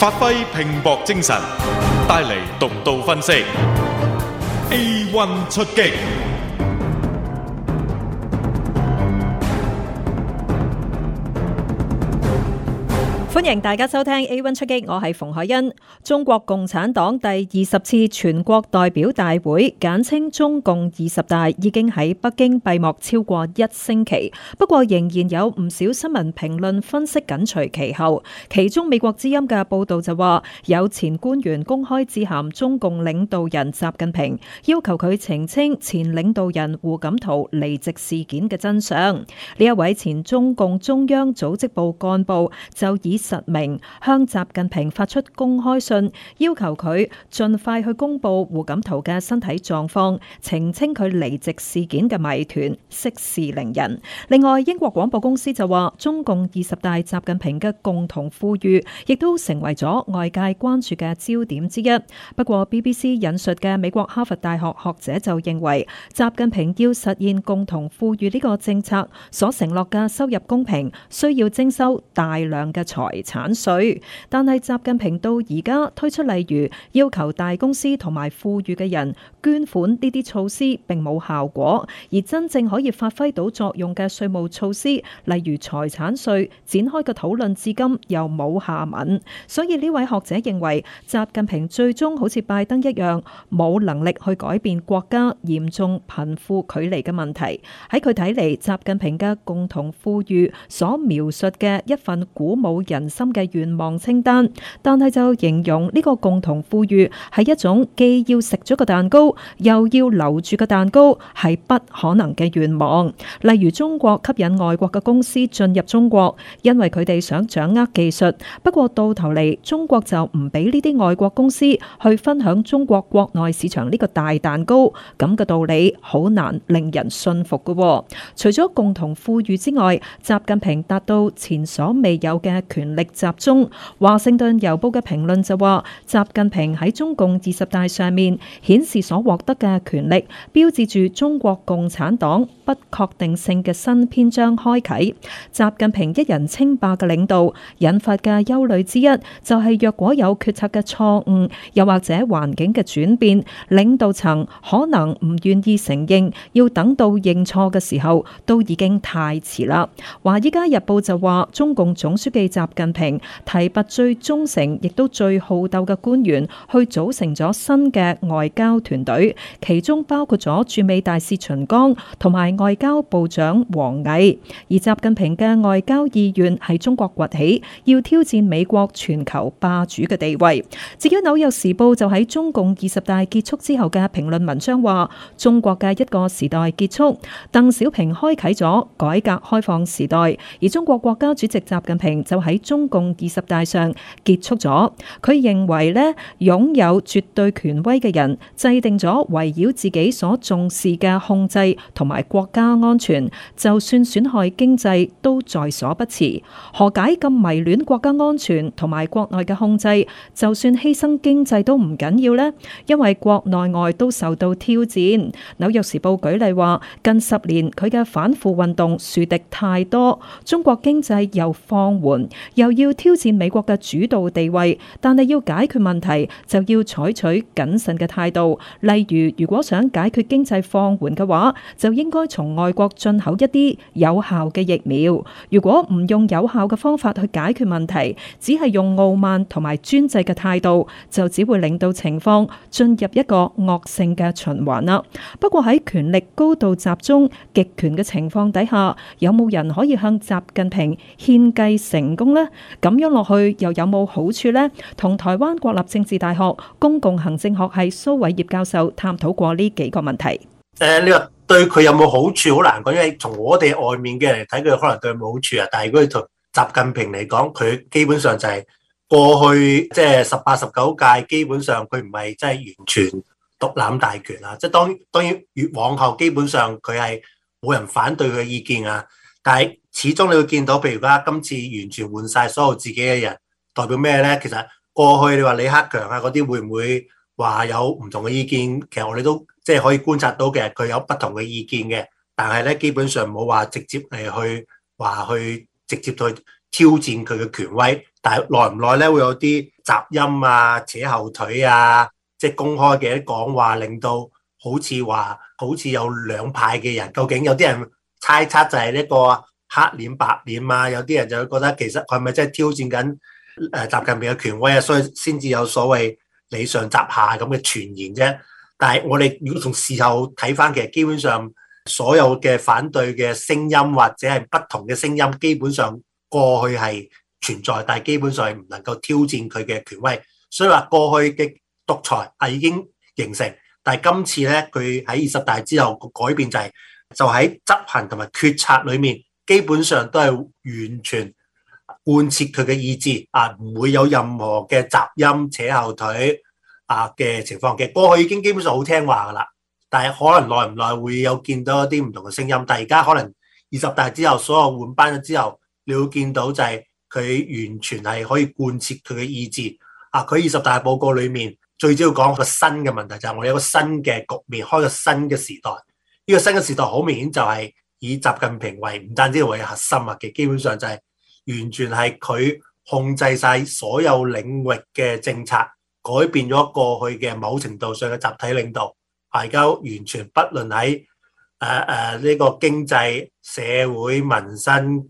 發揮拼搏精神，帶嚟獨到分析。A1 出擊。歡迎大家收聽 A One 出擊，我係馮海恩。中國共產黨第二十次全國代表大會，簡稱中共二十大，已經喺北京閉幕超過一星期，不過仍然有唔少新聞評論分析緊隨其後。其中美國之音嘅報道就話，有前官員公開致函中共領導人習近平，要求佢澄清前領導人胡錦濤離職事件嘅真相。呢一位前中共中央組織部幹部就以。實名向習近平發出公開信，要求佢盡快去公布胡錦濤嘅身體狀況，澄清佢離席事件嘅謎團，息事寧人。另外，英國廣播公司就話，中共二十大習近平嘅共同富裕亦都成為咗外界關注嘅焦點之一。不過，BBC 引述嘅美國哈佛大學學者就認為，習近平要實現共同富裕呢個政策所承諾嘅收入公平，需要徵收大量嘅財。遺產稅，但係習近平到而家推出例如要求大公司同埋富裕嘅人捐款呢啲措施，並冇效果。而真正可以發揮到作用嘅稅務措施，例如財產稅，展開嘅討論至今又冇下文。所以呢位學者認為，習近平最終好似拜登一樣，冇能力去改變國家嚴重貧富距離嘅問題。喺佢睇嚟，習近平嘅共同富裕所描述嘅一份鼓舞人。人心嘅願望清單，但係就形容呢個共同富裕係一種既要食咗個蛋糕又要留住個蛋糕係不可能嘅願望。例如中國吸引外國嘅公司進入中國，因為佢哋想掌握技術，不過到頭嚟中國就唔俾呢啲外國公司去分享中國國內市場呢個大蛋糕，咁嘅道理好難令人信服嘅。除咗共同富裕之外，習近平達到前所未有嘅權。力集中，華盛頓郵報嘅評論就話：習近平喺中共二十大上面顯示所獲得嘅權力，標誌住中國共產黨不確定性嘅新篇章開啓。習近平一人稱霸嘅領導，引發嘅憂慮之一就係、是，若果有決策嘅錯誤，又或者環境嘅轉變，領導層可能唔願意承認，要等到認錯嘅時候，都已經太遲啦。華爾街日報就話：中共總書記習。習近平提拔最忠誠亦都最好鬥嘅官員去組成咗新嘅外交團隊，其中包括咗駐美大使秦剛同埋外交部長王毅。而習近平嘅外交意願喺中國崛起，要挑戰美國全球霸主嘅地位。至於《紐約時報》就喺中共二十大結束之後嘅評論文章話，中國嘅一個時代結束，鄧小平開啓咗改革開放時代，而中國國家主席習近平就喺。中共二十大上結束咗，佢認為呢，擁有絕對權威嘅人制定咗圍繞自己所重視嘅控制同埋國家安全，就算損害經濟都在所不辭。何解咁迷戀國家安全同埋國內嘅控制，就算犧牲經濟都唔緊要呢？因為國內外都受到挑戰。紐約時報舉例話，近十年佢嘅反腐運動樹敵太多，中國經濟又放緩。又要挑戰美國嘅主導地位，但係要解決問題就要採取謹慎嘅態度。例如，如果想解決經濟放緩嘅話，就應該從外國進口一啲有效嘅疫苗。如果唔用有效嘅方法去解決問題，只係用傲慢同埋專制嘅態度，就只會令到情況進入一個惡性嘅循環啦。不過喺權力高度集中、極權嘅情況底下，有冇人可以向習近平獻計成功呢？咁樣落去又有冇好處咧？同台灣國立政治大學公共行政學系蘇偉業教授探討過呢幾個問題。誒，你 話樂對佢有冇好，好處？好難講，因為從我哋外面嘅人嚟睇，佢可能對冇好處啊。但係如果你同習近平嚟講，佢基本上就係過去即係十八、十九屆，基本上佢唔係真係完全獨攬大權啊。即係當當然越往後，基本上佢係冇人反對佢嘅意見啊。但係。始終你會見到，譬如而家今次完全換晒所有自己嘅人，代表咩咧？其實過去你話李克強啊嗰啲會唔會話有唔同嘅意見？其實我哋都即係、就是、可以觀察到嘅，其實佢有不同嘅意見嘅。但係咧，基本上冇話直接嚟去話去直接去挑戰佢嘅權威。但係耐唔耐咧，會有啲雜音啊、扯後腿啊，即、就、係、是、公開嘅講話，令到好似話好似有兩派嘅人。究竟有啲人猜測就係呢、這個？黑臉白臉啊！有啲人就會覺得其實佢係咪真係挑戰緊誒習近平嘅權威啊？所以先至有所謂李上習下咁嘅傳言啫。但係我哋如果從事後睇翻，其實基本上所有嘅反對嘅聲音或者係不同嘅聲音，基本上過去係存在，但係基本上係唔能夠挑戰佢嘅權威。所以話過去嘅獨裁係已經形成，但係今次咧佢喺二十大之後改變就係、是、就喺執行同埋決策裏面。基本上都係完全貫徹佢嘅意志啊，唔會有任何嘅雜音扯後腿啊嘅情況嘅。過去已經基本上好聽話噶啦，但係可能耐唔耐會有見到一啲唔同嘅聲音。但係而家可能二十大之後，所有換班咗之後，你會見到就係佢完全係可以貫徹佢嘅意志啊。佢二十大報告裏面最主要講個新嘅問題就係、是、我有個新嘅局面，開個新嘅時代。呢、這個新嘅時代好明顯就係、是。以習近平為唔單止為核心啊，嘅，基本上就係完全係佢控制晒所有領域嘅政策，改變咗過去嘅某程度上嘅集體領導，大家完全不論喺誒誒呢個經濟、社會、民生、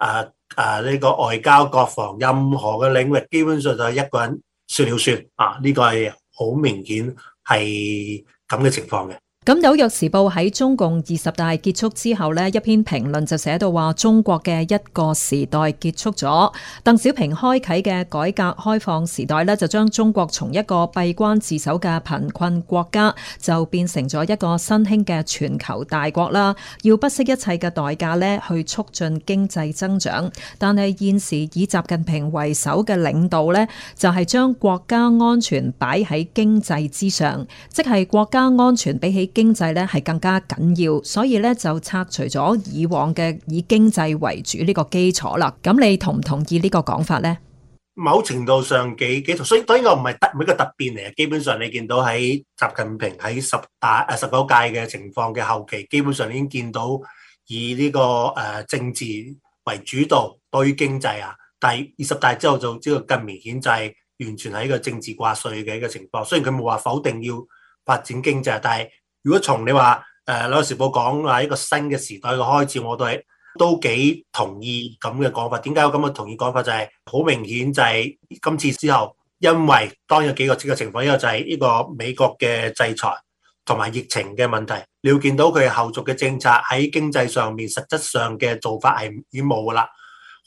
誒誒呢個外交、國防任何嘅領域，基本上就係一個人說了算啊！呢個係好明顯係咁嘅情況嘅。咁《紐約時報》喺中共二十大結束之後呢，一篇評論就寫到話：中國嘅一個時代結束咗，鄧小平開啟嘅改革開放時代呢，就將中國從一個閉關自守嘅貧困國家，就變成咗一個新興嘅全球大國啦。要不惜一切嘅代價呢，去促進經濟增長。但係現時以習近平為首嘅領導呢，就係將國家安全擺喺經濟之上，即係國家安全比起。經濟咧，係更加緊要，所以咧就拆除咗以往嘅以經濟為主呢個基礎啦。咁你同唔同意個呢個講法咧？某程度上幾幾，所以當然我唔係特每個特變嚟嘅。基本上你見到喺習近平喺十大誒十九屆嘅情況嘅後期，基本上已經見到以呢個誒政治為主導對於經濟啊。但係二十大之後就呢個更明顯，就係完全係一個政治掛帥嘅一個情況。雖然佢冇話否定要發展經濟啊，但係。如果從你話誒《紐約時報》講話一個新嘅時代嘅開始，我都係都幾同意咁嘅講法。點解有咁嘅同意講法？就係好明顯就係今次之後，因為當有幾個即嘅情況，一個就係呢個美國嘅制裁同埋疫情嘅問題，你要見到佢後續嘅政策喺經濟上面實質上嘅做法係已經冇啦。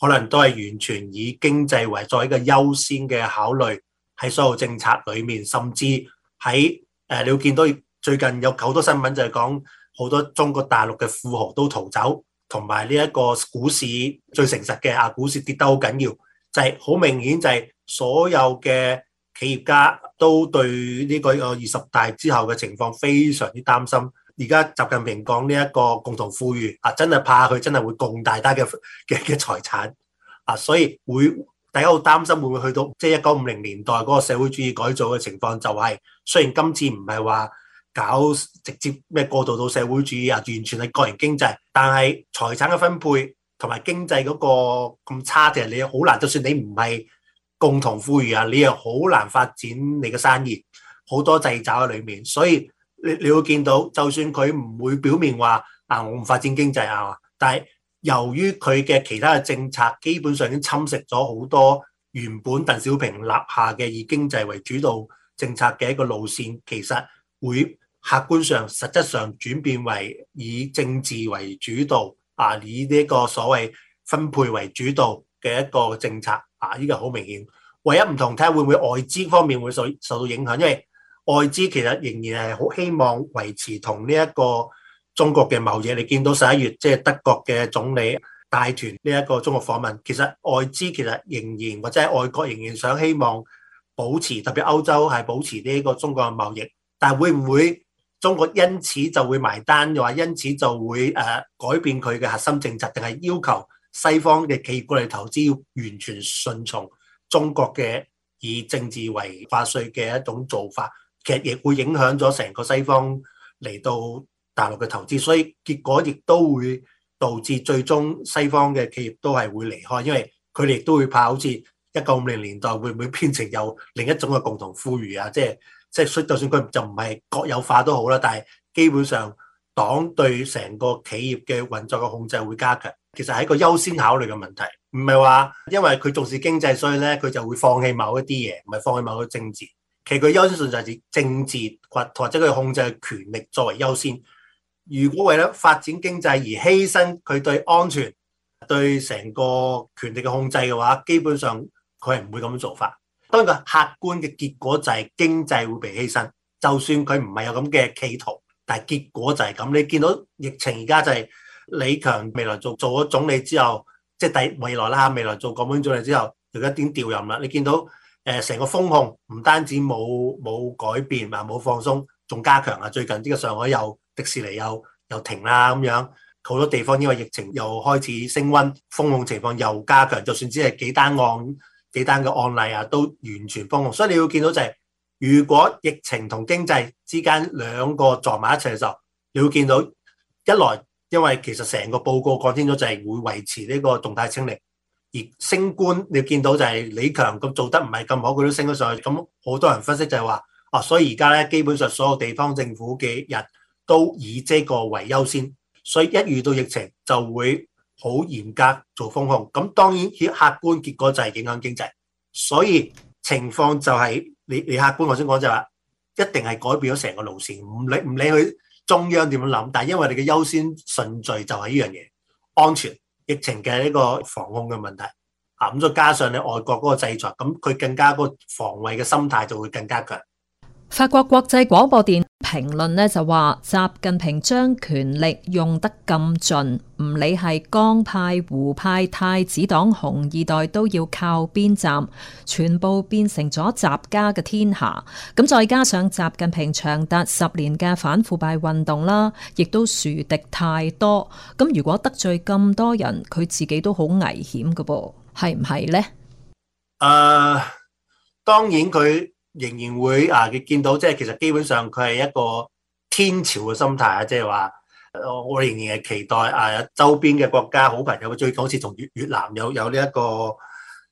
可能都係完全以經濟為作為一個優先嘅考慮喺所有政策裏面，甚至喺誒、呃，你要見到。最近有好多新聞就係講好多中國大陸嘅富豪都逃走，同埋呢一個股市最誠實嘅啊，股市跌得好緊要，就係、是、好明顯就係所有嘅企業家都對呢個二十大之後嘅情況非常之擔心。而家習近平講呢一個共同富裕啊，真係怕佢真係會共大家嘅嘅嘅財產啊，所以會大家好擔心會唔會去到即係一九五零年代嗰個社會主義改造嘅情況，就是，就係雖然今次唔係話。搞直接咩過渡到社會主義啊，完全係個人經濟，但係財產嘅分配同埋經濟嗰個咁差，其實你好難，就算你唔係共同富裕啊，你又好難發展你嘅生意。好多掣肘喺裏面，所以你你會見到，就算佢唔會表面話啊，我唔發展經濟啊，但係由於佢嘅其他嘅政策，基本上已經侵蝕咗好多原本鄧小平立下嘅以經濟為主導政策嘅一個路線，其實會。客觀上、實質上轉變為以政治為主導，啊，以呢個所謂分配為主導嘅一個政策，啊，呢個好明顯。唯一唔同睇下會唔會外資方面會受受到影響，因為外資其實仍然係好希望維持同呢一個中國嘅貿易。你見到十一月即係、就是、德國嘅總理帶團呢一個中國訪問，其實外資其實仍然或者喺外國仍然想希望保持，特別歐洲係保持呢個中國嘅貿易，但係會唔會？中國因此就會埋單，又話因此就會誒、啊、改變佢嘅核心政策，定係要求西方嘅企業過嚟投資要完全順從中國嘅以政治為掛帥嘅一種做法，其實亦會影響咗成個西方嚟到大陸嘅投資，所以結果亦都會導致最終西方嘅企業都係會離開，因為佢哋都會怕好似一九五零年代會唔會變成有另一種嘅共同富裕啊，即係。即係，就算佢就唔係國有化都好啦，但係基本上黨對成個企業嘅運作嘅控制會加強。其實係一個優先考慮嘅問題，唔係話因為佢重視經濟，所以咧佢就會放棄某一啲嘢，唔係放棄某個政治。其實佢優先順就係政治或或者佢控制嘅權力作為優先。如果為咗發展經濟而犧牲佢對安全、對成個權力嘅控制嘅話，基本上佢係唔會咁樣做法。當然個客觀嘅結果就係經濟會被犧牲，就算佢唔係有咁嘅企圖，但係結果就係咁。你見到疫情而家就係李強未來做做咗總理之後，即係第未來啦，未來做港本總理之後，而一點調任啦？你見到誒成、呃、個封控唔單止冇冇改變，話冇放鬆，仲加強啊！最近呢個上海又迪士尼又又停啦咁樣，好多地方因為疫情又開始升溫，封控情況又加強。就算只係幾單案。幾單嘅案例啊，都完全封控，所以你要見到就係，如果疫情同經濟之間兩個撞埋一齊嘅時候，你要見到一來，因為其實成個報告講清楚就係會維持呢個動態清零，而升官你見到就係李強咁做得唔係咁好，佢都升咗上去，咁好多人分析就係話，啊，所以而家咧基本上所有地方政府嘅人都以呢個為優先，所以一遇到疫情就會好嚴格做風控，咁當然客觀結果就係影響經濟，所以情況就係、是、你你客觀我先講就話，一定係改變咗成個路線，唔理唔理佢中央點樣諗，但係因為你嘅優先順序就係呢樣嘢，安全疫情嘅一個防控嘅問題，啊咁再加上你外國嗰個制裁，咁佢更加嗰個防衞嘅心態就會更加強。法國國際廣播電。評論呢就話，習近平將權力用得咁盡，唔理係江派、胡派、太子黨、紅二代都要靠邊站，全部變成咗習家嘅天下。咁再加上習近平長達十年嘅反腐敗運動啦，亦都樹敵太多。咁如果得罪咁多人，佢自己都好危險㗎噃，係唔係呢？誒、uh，當然佢。仍然會啊，見到即係其實基本上佢係一個天朝嘅心態啊，即係話我仍然係期待啊，周邊嘅國家好朋友嘅，最近好似同越越南有有呢一個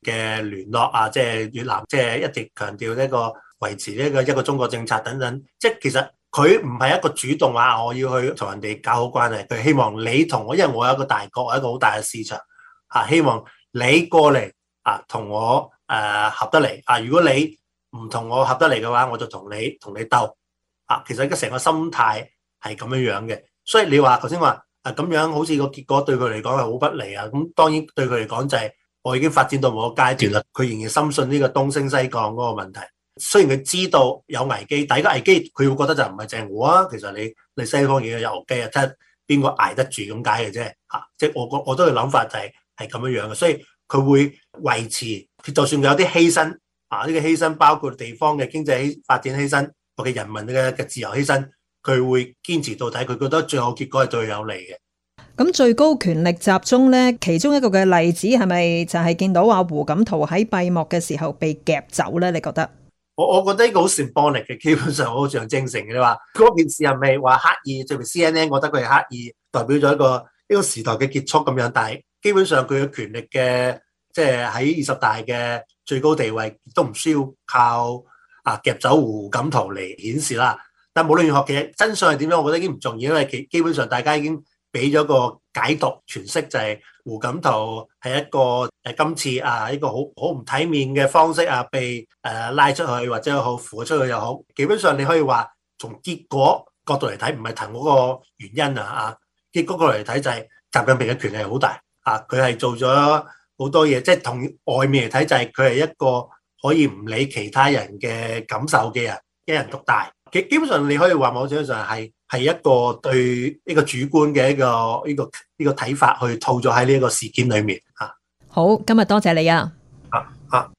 嘅聯絡啊，即係越南即係一直強調呢個維持呢個一個中國政策等等，即係其實佢唔係一個主動話我要去同人哋搞好關係，佢希望你同我，因為我有一個大國，我有一個好大嘅市場啊，希望你過嚟啊，同我誒合得嚟啊，如果你，唔同我合得嚟嘅話，我就同你同你鬥啊！其實而家成個心態係咁樣樣嘅，所以你話頭先話誒咁樣，好似個結果對佢嚟講係好不利啊！咁當然對佢嚟講就係我已經發展到某個階段啦。佢仍然深信呢個東升西降嗰個問題。雖然佢知道有危機，但係個危機佢會覺得就唔係正我啊、哦！其實你你西方嘢有機啊睇吓，邊個捱得住咁解嘅啫吓？即係我個我都嘅諗法就係係咁樣樣嘅，所以佢會維持，就算佢有啲犧牲。啊！呢、這個犧牲包括地方嘅經濟發展犧牲，或者人民嘅嘅自由犧牲，佢會堅持到底，佢覺得最後結果係對佢有利嘅。咁最高權力集中咧，其中一個嘅例子係咪就係見到阿胡錦濤喺閉幕嘅時候被夾走咧？你覺得？我我覺得呢個好 symbolic 嘅，基本上好似正成嘅你話，嗰件事係咪話刻意？作為 C N N，我覺得佢係刻意代表咗一個呢個時代嘅結束咁樣。但係基本上佢嘅權力嘅。即係喺二十大嘅最高地位，都唔需要靠啊夾走胡錦濤嚟顯示啦。但無論如何，其實真相係點樣，我覺得已經唔重要，因為基基本上大家已經俾咗個解讀、詮釋，就係胡錦濤係一個誒今次啊一個好好唔體面嘅方式啊，被誒、啊、拉出去或者好扶出去又好。基本上你可以話從結果角度嚟睇，唔係從嗰個原因啊。啊，結果角度嚟睇就係習近平嘅權力係好大啊，佢係做咗。好多嘢，即係同外面嚟睇就係佢係一個可以唔理其他人嘅感受嘅人，一人獨大。基本上你可以話，某種程度係係一個對一個主觀嘅一個呢個呢個睇法去套咗喺呢一個事件裏面。好，今日多謝你啊。啊。啊